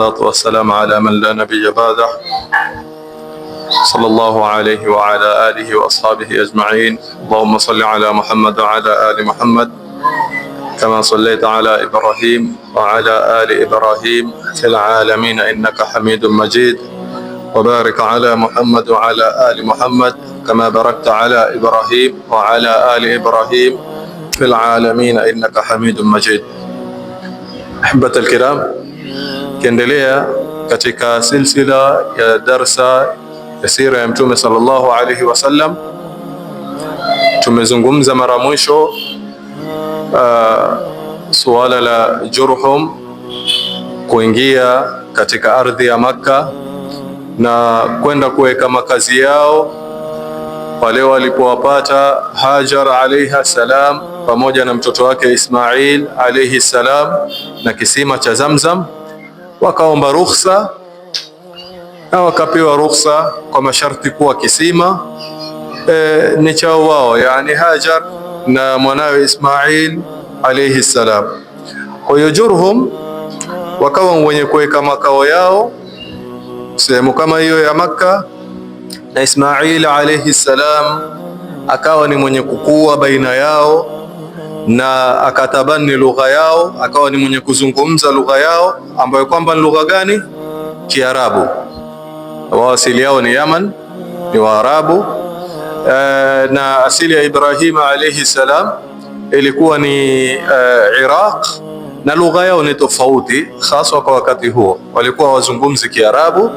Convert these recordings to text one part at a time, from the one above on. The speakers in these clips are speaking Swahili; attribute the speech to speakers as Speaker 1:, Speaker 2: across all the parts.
Speaker 1: والصلاة والسلام على من لا نبي بعده صلى الله عليه وعلى آله وأصحابه أجمعين اللهم صل على محمد وعلى آل محمد كما صليت على إبراهيم وعلى آل إبراهيم في العالمين إنك حميد مجيد وبارك على محمد وعلى آل محمد كما باركت على إبراهيم وعلى آل إبراهيم في العالمين إنك حميد مجيد أحبة الكرام tukiendelea katika silsila ya darsa ya sira ya Mtume sallallahu alaihi wasallam. Tumezungumza mara mwisho uh, suala la Jurhum kuingia katika ardhi ya Makka na kwenda kuweka makazi yao pale walipowapata Hajar alaiha salam pamoja na mtoto wake Ismail alaihi salam na kisima cha Zamzam wakaomba ruhusa na wakapewa ruhusa kwa masharti kuwa kisima e, ni chao wao, yani Hajar na mwanawe Ismail alayhi salam. Kwa hiyo Jurhum wakawa wenye kuweka makao yao sehemu kama hiyo ya Makka, na Ismail alayhi salam akawa ni mwenye kukua baina yao na akatabani lugha yao, akawa ni mwenye kuzungumza lugha yao ambayo kwamba ni lugha gani? Kiarabu. waasili yao ni Yaman, ni Waarabu. E, na asili ya Ibrahim alayhi salam ilikuwa ni e, Iraq na lugha yao ni tofauti, haswa kwa wakati huo walikuwa wazungumzi Kiarabu,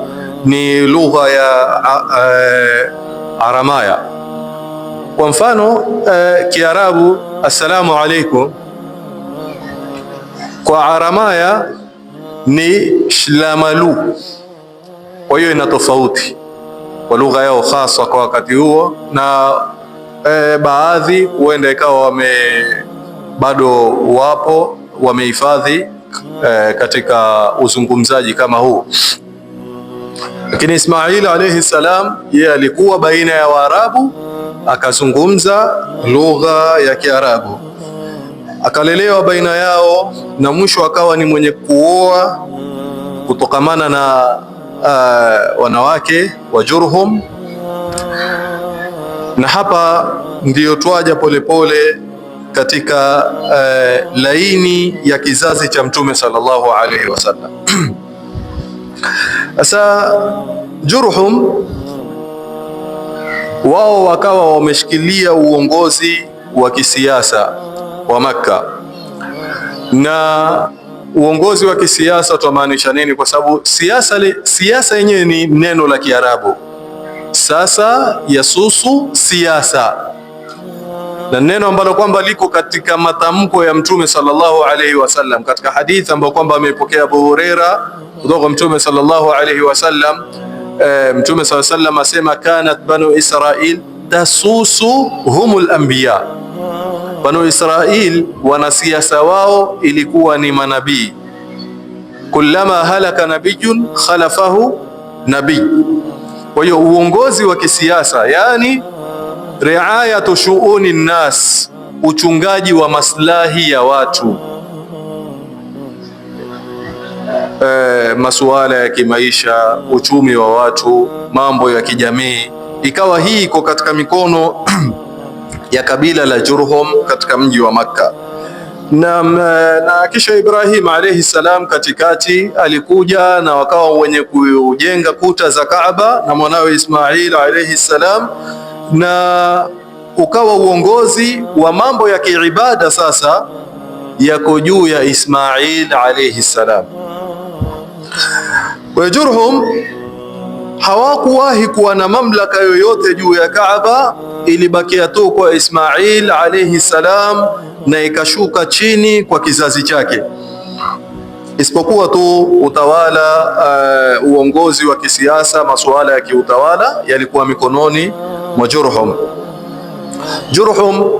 Speaker 1: ni lugha ya a, eh, a, Aramaya. Kwa mfano e, Kiarabu assalamu alaikum kwa Aramaya ni shlamalu, kwa hiyo ina tofauti kwa lugha yao haswa kwa wakati huo, na e, baadhi huenda ikawa wame bado wapo wamehifadhi e, katika uzungumzaji kama huu, lakini Ismail alayhi salam yeye alikuwa baina ya Waarabu akazungumza lugha ya Kiarabu, akalelewa baina yao na mwisho akawa ni mwenye kuoa kutokamana na uh, wanawake wa Jurhum. Na hapa ndiyo twaja polepole katika uh, laini ya kizazi cha Mtume sallallahu alaihi wasallam. Sasa Jurhum wao wakawa wameshikilia uongozi wa kisiasa wa Makka. Na uongozi wa kisiasa tunamaanisha nini? Kwa sababu siasa siasa yenyewe ni neno la Kiarabu. Sasa yasusu siasa, na neno ambalo kwamba liko katika matamko ya Mtume sallallahu alaihi wasallam katika hadithi ambayo kwamba ameipokea Abu Huraira kutoka Mtume sallallahu alaihi wasallam e, Mtume SAW sallam asema kanat banu Israil tasusu humul anbiya, banu Israil wanasiasa wao ilikuwa ni manabii. Kullama halaka nabiyun khalafahu nabii. Kwa hiyo uongozi wa kisiasa yani riayatu shuuni nnas, uchungaji wa maslahi ya watu masuala ya kimaisha, uchumi wa watu, mambo ya kijamii. Ikawa hii iko katika mikono ya kabila la Jurhum katika mji wa Makka na, na kisha Ibrahim alayhi salam katikati alikuja na wakawa wenye kujenga kuta za Kaaba na mwanawe Ismail alayhi salam, na ukawa uongozi wa mambo ya kiibada sasa yako juu ya Ismail alayhi salam. Wajurhum hawakuwahi kuwa na mamlaka yoyote juu ya Kaaba, ilibakia tu kwa Ismail alayhi salam, na ikashuka chini kwa kizazi chake, isipokuwa tu utawala uh, uongozi wa kisiasa, masuala ya kiutawala yalikuwa mikononi mwa Jurhum. Jurhum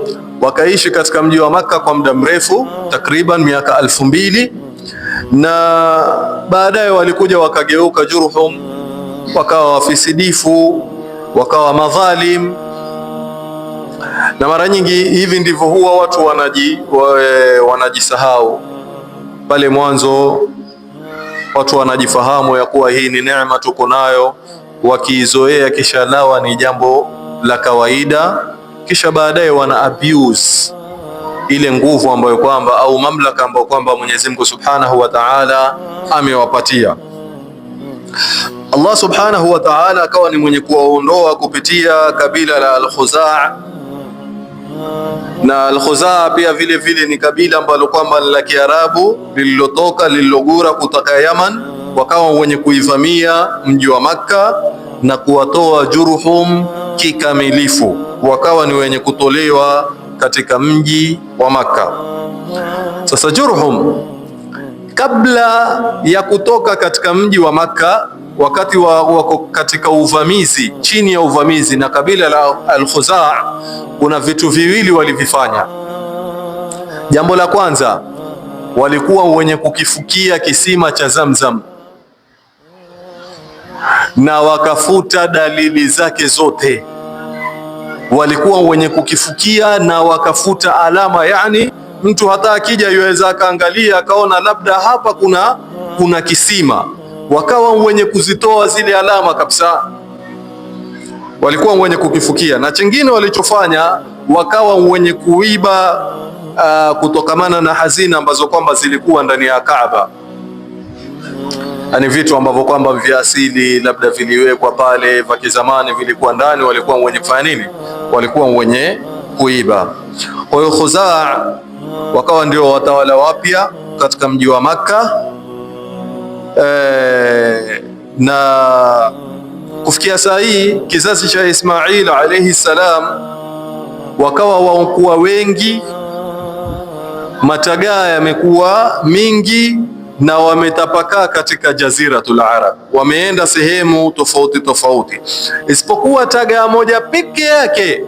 Speaker 1: wakaishi katika mji wa Makka kwa muda mrefu, takriban miaka elfu mbili na baadaye walikuja wakageuka jurhum, wakawa wafisidifu, wakawa madhalim. Na mara nyingi hivi ndivyo huwa watu wanaji, e, wanajisahau pale mwanzo, watu wanajifahamu ya kuwa hii ni neema tuko nayo, wakiizoea kisha lawa ni jambo la kawaida, kisha baadaye wana abuse ile nguvu ambayo kwamba au mamlaka ambayo kwamba Mwenyezi Mungu Subhanahu wa Ta'ala amewapatia. Allah Subhanahu wa Ta'ala akawa ni mwenye kuwaondoa kupitia kabila la Al-Khuzaa na Al-Khuzaa pia vile vile ni kabila ambalo kwamba la Kiarabu lililotoka lililogura kutoka Yaman, wakawa wenye kuivamia mji wa Makka na kuwatoa Jurhum kikamilifu, wakawa ni wenye kutolewa katika mji wa Makka. Sasa Jurhum, kabla ya kutoka katika mji wa Makka, wakati wa wako katika uvamizi, chini ya uvamizi na kabila la Al-Khuzaa, kuna vitu viwili walivifanya. Jambo la kwanza, walikuwa wenye kukifukia kisima cha Zamzam na wakafuta dalili zake zote walikuwa wenye kukifukia na wakafuta alama, yani mtu hata akija yuweza akaangalia akaona labda hapa kuna kuna kisima, wakawa wenye kuzitoa zile alama kabisa, walikuwa wenye kukifukia. Na chingine walichofanya wakawa wenye kuiba uh, kutokamana na hazina ambazo kwamba zilikuwa ndani ya Kaaba ni vitu ambavyo kwamba vya asili labda viliwekwa pale vya kizamani, vilikuwa ndani, walikuwa wenye kufanya nini? Walikuwa wenye kuiba. Kwa hiyo Khuzaa wakawa ndio watawala wapya katika mji wa Makka e, na kufikia saa hii kizazi cha Ismail alayhi salam wakawa waokuwa wengi, matagaa yamekuwa mingi na wametapakaa katika Jaziratul Arab, wameenda sehemu tofauti tofauti, isipokuwa tagaa moja peke yake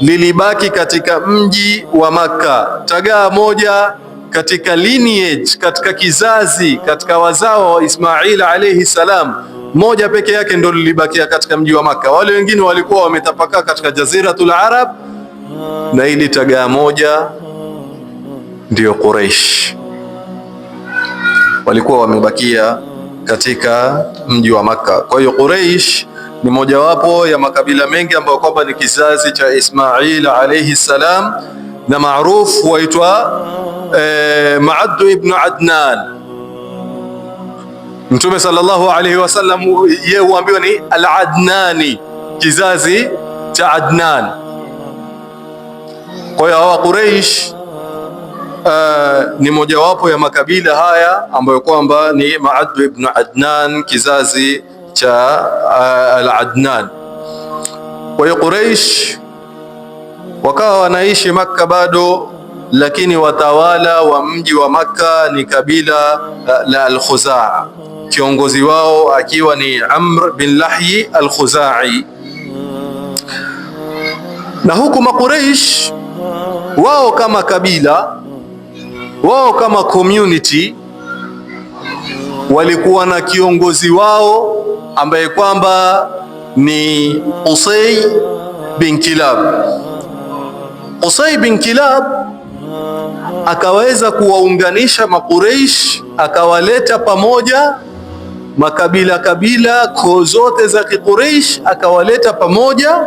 Speaker 1: lilibaki katika mji wa Makka. Tagaa moja katika lineage, katika kizazi, katika wazao wa Ismail alayhi salam, moja peke yake ndo lilibakia katika mji wa Makka. Wale wengine walikuwa wametapakaa katika Jaziratul Arab, na ili tagaa moja ndiyo Quraish walikuwa wamebakia katika mji wa Makka. Kwa hiyo Quraish ni mojawapo ya makabila mengi ambayo kwamba ni kizazi cha Ismail alayhi salam na maarufu waitwa eh, Maaddu ibn Adnan. Mtume sallallahu alayhi wasallam yeye huambiwa ni al-Adnani, kizazi cha Adnan. Kwa hiyo hawa uh, ni mojawapo ya makabila haya ambayo kwamba ni Maadu ibn Adnan, kizazi cha uh, al-Adnan. Kwa hiyo Quraysh wakawa wanaishi Makka bado, lakini watawala wa mji wa Makka ni kabila uh, la al-Khuzaa, kiongozi wao akiwa ni Amr bin Lahyi al-Khuzai na huku Makureish wao kama kabila wao kama community walikuwa na kiongozi wao ambaye kwamba ni Usay bin Kilab. Usay bin Kilab akaweza kuwaunganisha Makureish, akawaleta pamoja makabila kabila, koo zote za Kikureish akawaleta pamoja,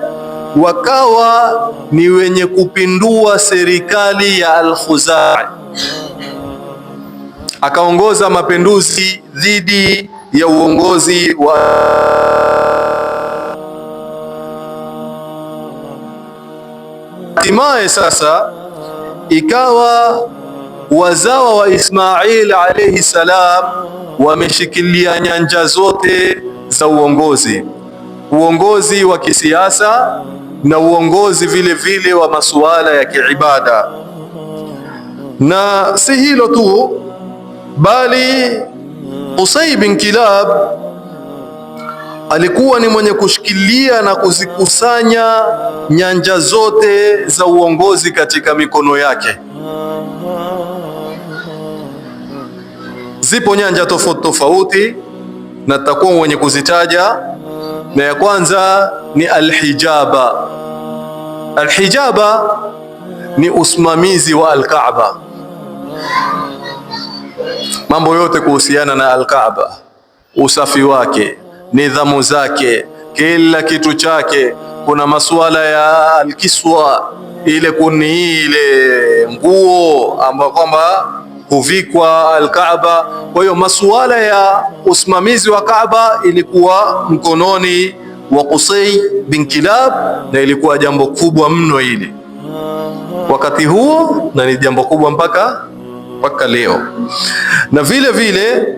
Speaker 1: wakawa ni wenye kupindua serikali ya Al-Khuzai akaongoza mapinduzi dhidi ya uongozi wa hatimaye sasa ikawa wazawa wa Ismail alayhi salam wameshikilia nyanja zote za uongozi, uongozi wa kisiasa na uongozi vile vile wa masuala ya kiibada. Na si hilo tu, bali Usay bin Kilab alikuwa ni mwenye kushikilia na kuzikusanya nyanja zote za uongozi katika mikono yake. Zipo nyanja tofauti tofauti, na tutakuwa mwenye kuzitaja, na ya kwanza ni alhijaba. Alhijaba ni usimamizi wa Alkaaba mambo yote kuhusiana na Alkaaba, usafi wake, nidhamu zake, kila kitu chake. Kuna masuala ya alkiswa, ile kuni, ile nguo ambayo kwamba huvikwa Alkaaba. Kwa hiyo masuala ya usimamizi wa Kaaba ilikuwa mkononi wa Qusay bin Kilab, na ilikuwa jambo kubwa mno ile wakati huo, na ni jambo kubwa mpaka mpaka leo. Na vile vile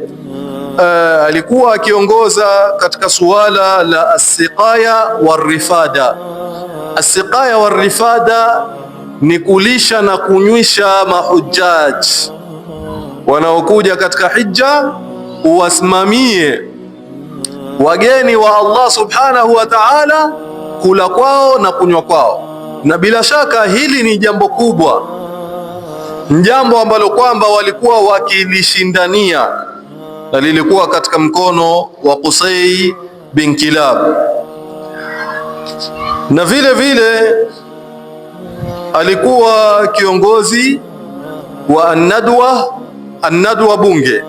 Speaker 1: uh, alikuwa akiongoza katika suala la asiqaya warifada. Asiqaya warifada ni kulisha na kunywisha mahujaj wanaokuja katika hija, uwasimamie wageni wa Allah subhanahu wa ta'ala kula kwao na kunywa kwao, na bila shaka hili ni jambo kubwa jambo ambalo kwamba walikuwa wakilishindania na lilikuwa katika mkono wa Qusay bin Kilab, na vile vile alikuwa kiongozi wa Annadwa, Annadwa bunge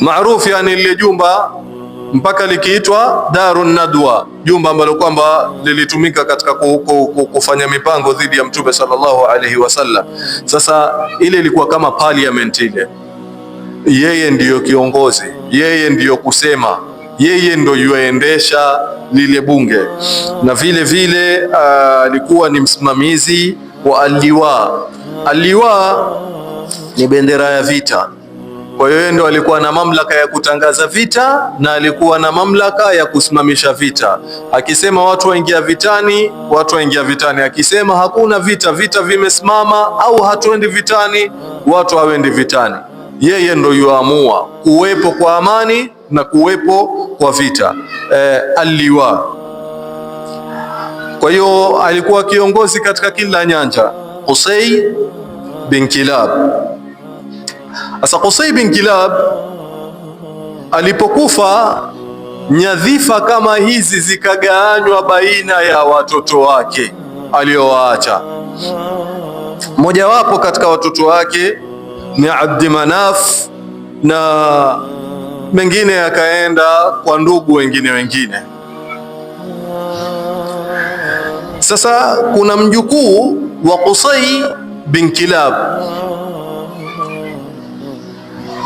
Speaker 1: maarufu, yani lile jumba mpaka likiitwa Darun Nadwa, jumba ambalo kwamba lilitumika katika kufanya mipango dhidi ya Mtume sallallahu alaihi wasallam. Sasa ile ilikuwa kama parliament ile, yeye ndiyo kiongozi, yeye ndiyo kusema, yeye ndio yuendesha lile bunge, na vile vile ah, alikuwa ni msimamizi wa aliwa. Aliwa ni bendera ya vita kwa hiyo ndio ndo alikuwa na mamlaka ya kutangaza vita na alikuwa na mamlaka ya kusimamisha vita. Akisema watu waingia vitani, watu waingia vitani. Akisema hakuna vita, vita vimesimama au hatuendi vitani, watu hawendi vitani. Yeye ndio yuamua kuwepo kwa amani na kuwepo kwa vita E, aliwa. Kwa hiyo alikuwa kiongozi katika kila nyanja, Qusay bin Kilab sasa Qusay bin Kilab alipokufa, nyadhifa kama hizi zikagaanywa baina ya watoto wake aliyowaacha. Mmojawapo katika watoto wake ni Abdi Manaf na mengine yakaenda kwa ndugu wengine wengine. Sasa kuna mjukuu wa Qusay bin Kilab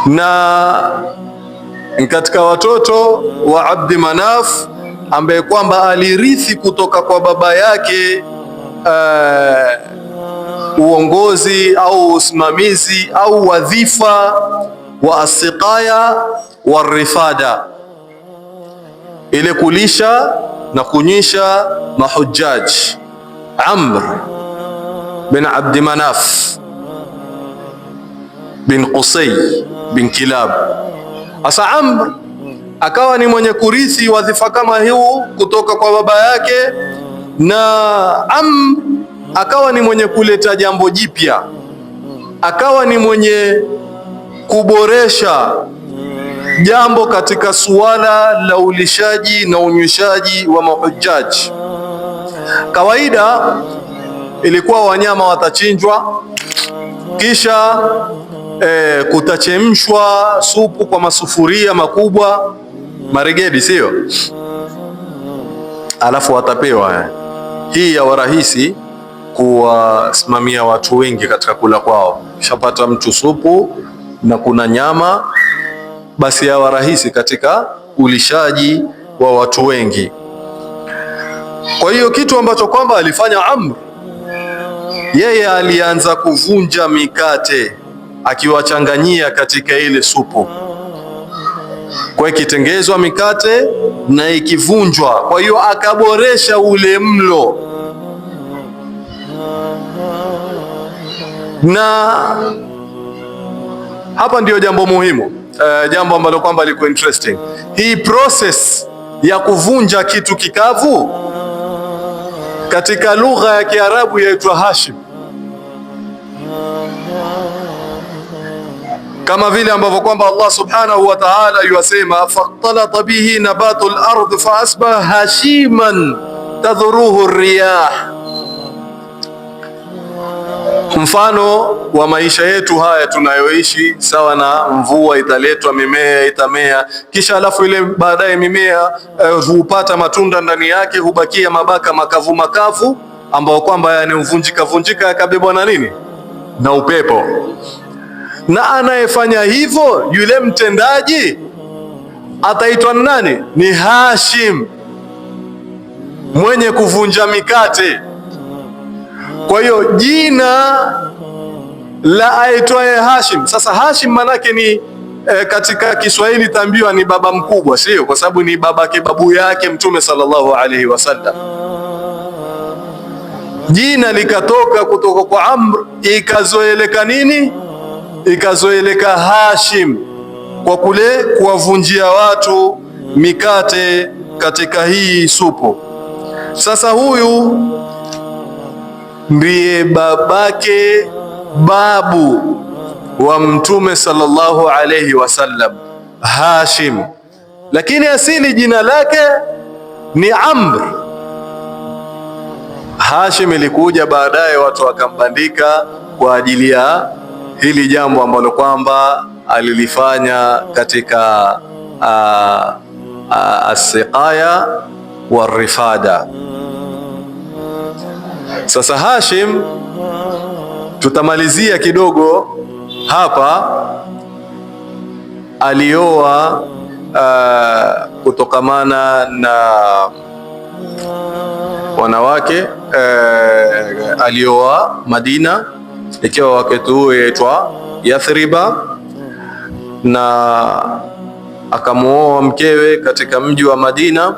Speaker 1: na katika watoto wa Abdi Manaf ambaye kwamba alirithi kutoka kwa baba yake uh, uongozi au usimamizi au wadhifa wa asiqaya warifada, ile kulisha na kunyisha mahujaji. Amr bin Abdi Manaf bin Qusay bin Kilab. Asa Amr akawa ni mwenye kurithi wadhifa kama huu kutoka kwa baba yake, na Amr akawa ni mwenye kuleta jambo jipya, akawa ni mwenye kuboresha jambo katika suala la ulishaji na unyweshaji wa mahujaji. Kawaida ilikuwa wanyama watachinjwa kisha e, kutachemshwa supu kwa masufuria makubwa maregedi, sio alafu watapewa eh. hii ya warahisi kuwasimamia watu wengi katika kula kwao. Kishapata mtu supu na kuna nyama, basi yawa rahisi katika ulishaji wa watu wengi. Kwa hiyo kitu ambacho kwamba alifanya Amr, yeye alianza kuvunja mikate akiwachanganyia katika ile supu. Kwa ikitengezwa mikate na ikivunjwa, kwa hiyo akaboresha ule mlo na hapa ndiyo jambo muhimu uh, jambo ambalo kwamba liko interesting. Hii process ya kuvunja kitu kikavu katika lugha ya Kiarabu yaitwa hashim. kama vile ambavyo kwamba Allah subhanahu wa ta'ala yuasema, faqtalata bihi nabatu al-ardh fa asbaha hashiman tadhuruhu riyah. Mfano wa maisha yetu haya tunayoishi, sawa na mvua italetwa, mimea itamea, kisha alafu ile baadaye mimea eh, hupata uh, matunda ndani yake, hubakia mabaka makavu makavu ambao kwamba yanavunjika vunjika, yakabebwa na nini na upepo na anayefanya hivyo yule mtendaji ataitwa nani? Ni Hashim, mwenye kuvunja mikate. Kwa hiyo jina la aitwaye Hashim. Sasa Hashim manake ni e, katika Kiswahili tambiwa ni baba mkubwa, sio? Kwa sababu ni babake babu yake Mtume sallallahu alaihi wasallam. Jina likatoka kutoka kwa Amr, ikazoeleka nini ikazoeleka Hashim kwa kule kuwavunjia watu mikate katika hii supu. Sasa huyu ndiye babake babu wa Mtume sallallahu alayhi wasallam Hashim, lakini asili jina lake ni Amr. Hashim ilikuja baadaye, watu wakambandika kwa ajili ya hili jambo ambalo kwamba alilifanya katika asiqaya warifada. Sasa Hashim, tutamalizia kidogo hapa. Alioa kutokamana na wanawake, alioa Madina ikiwa wakati huo yaitwa Yathriba, na akamuoa mkewe katika mji wa Madina,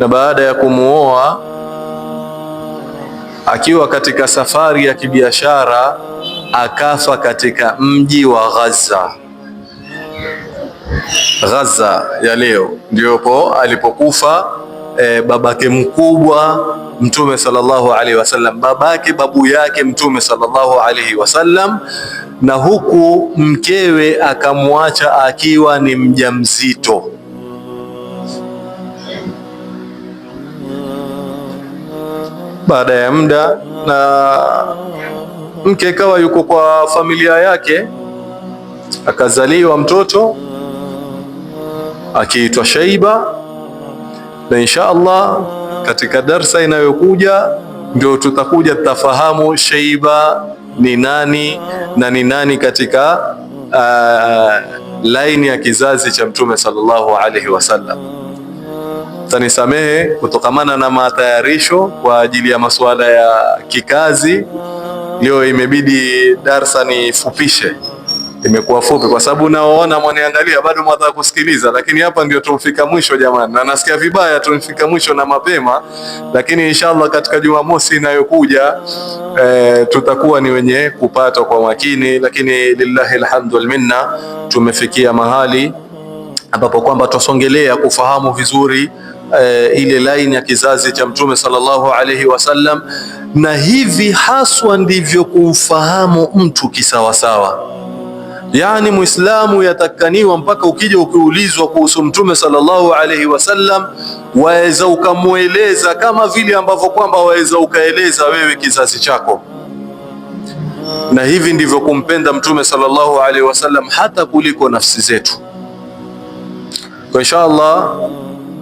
Speaker 1: na baada ya kumuoa akiwa katika safari ya kibiashara akafa katika mji wa Gaza. Gaza ya leo ndipo alipokufa e, babake mkubwa Mtume sallallahu alaihi wasallam, babake babu yake Mtume sallallahu alaihi wasallam, na huku mkewe akamwacha akiwa ni mjamzito. Baada ya muda, na mke kawa yuko kwa familia yake, akazaliwa mtoto akiitwa Shaiba na insha Allah katika darsa inayokuja ndio tutakuja tutafahamu Sheiba ni nani na ni nani katika uh, laini ya kizazi cha Mtume sallallahu alaihi wasallam. Tanisamehe kutokamana na matayarisho kwa ajili ya masuala ya kikazi, leo imebidi darsa nifupishe imekuwa fupi, kwa sababu naoona mwaniangalia bado mwadha kusikiliza, lakini hapa ndio tumfika mwisho jamani, na nasikia vibaya tumfika mwisho na mapema, lakini inshallah katika Jumamosi inayokuja e, tutakuwa ni wenye kupata kwa makini, lakini lillahi alhamdu minna, tumefikia mahali ambapo kwamba twasongelea kufahamu vizuri e, ile laini ya kizazi cha Mtume sallallahu alaihi wasallam, na hivi haswa ndivyo kumfahamu mtu kisawasawa yani Muislamu yatakaniwa mpaka ukija ukiulizwa kuhusu Mtume sallallahu alaihi wasallam, waweza ukamweleza kama vile ambavyo kwamba waweza ukaeleza wewe kizazi chako. Na hivi ndivyo kumpenda Mtume sallallahu alaihi wasallam hata kuliko nafsi zetu. Kwa insha Allah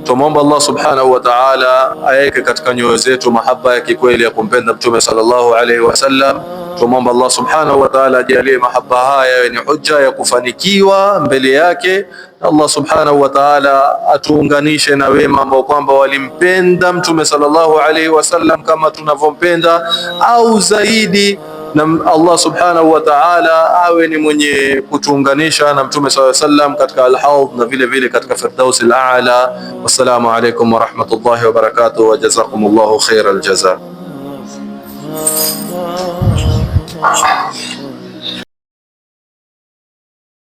Speaker 1: tumwomba Allah subhanahu wa ta'ala aweke katika nyoyo zetu mahaba ya kikweli ya kumpenda Mtume sallallahu alaihi wasallam. Tumwomba Allah subhanahu wa ta'ala ajalie mahaba haya yawe ni hujja ya kufanikiwa mbele yake, Allah subhanahu wa ta'ala atuunganishe na wema ambao kwamba walimpenda Mtume sallallahu alaihi wasallam kama tunavyompenda au zaidi na Allah subhanahu wa ta'ala awe ni mwenye kutuunganisha na mtume sallallahu alayhi wasallam katika al-haud na vile vile katika firdaus al-aala. Wassalamu alaykum wa rahmatullahi wa barakatuh wa jazakumullahu khairal jazaa. 啊。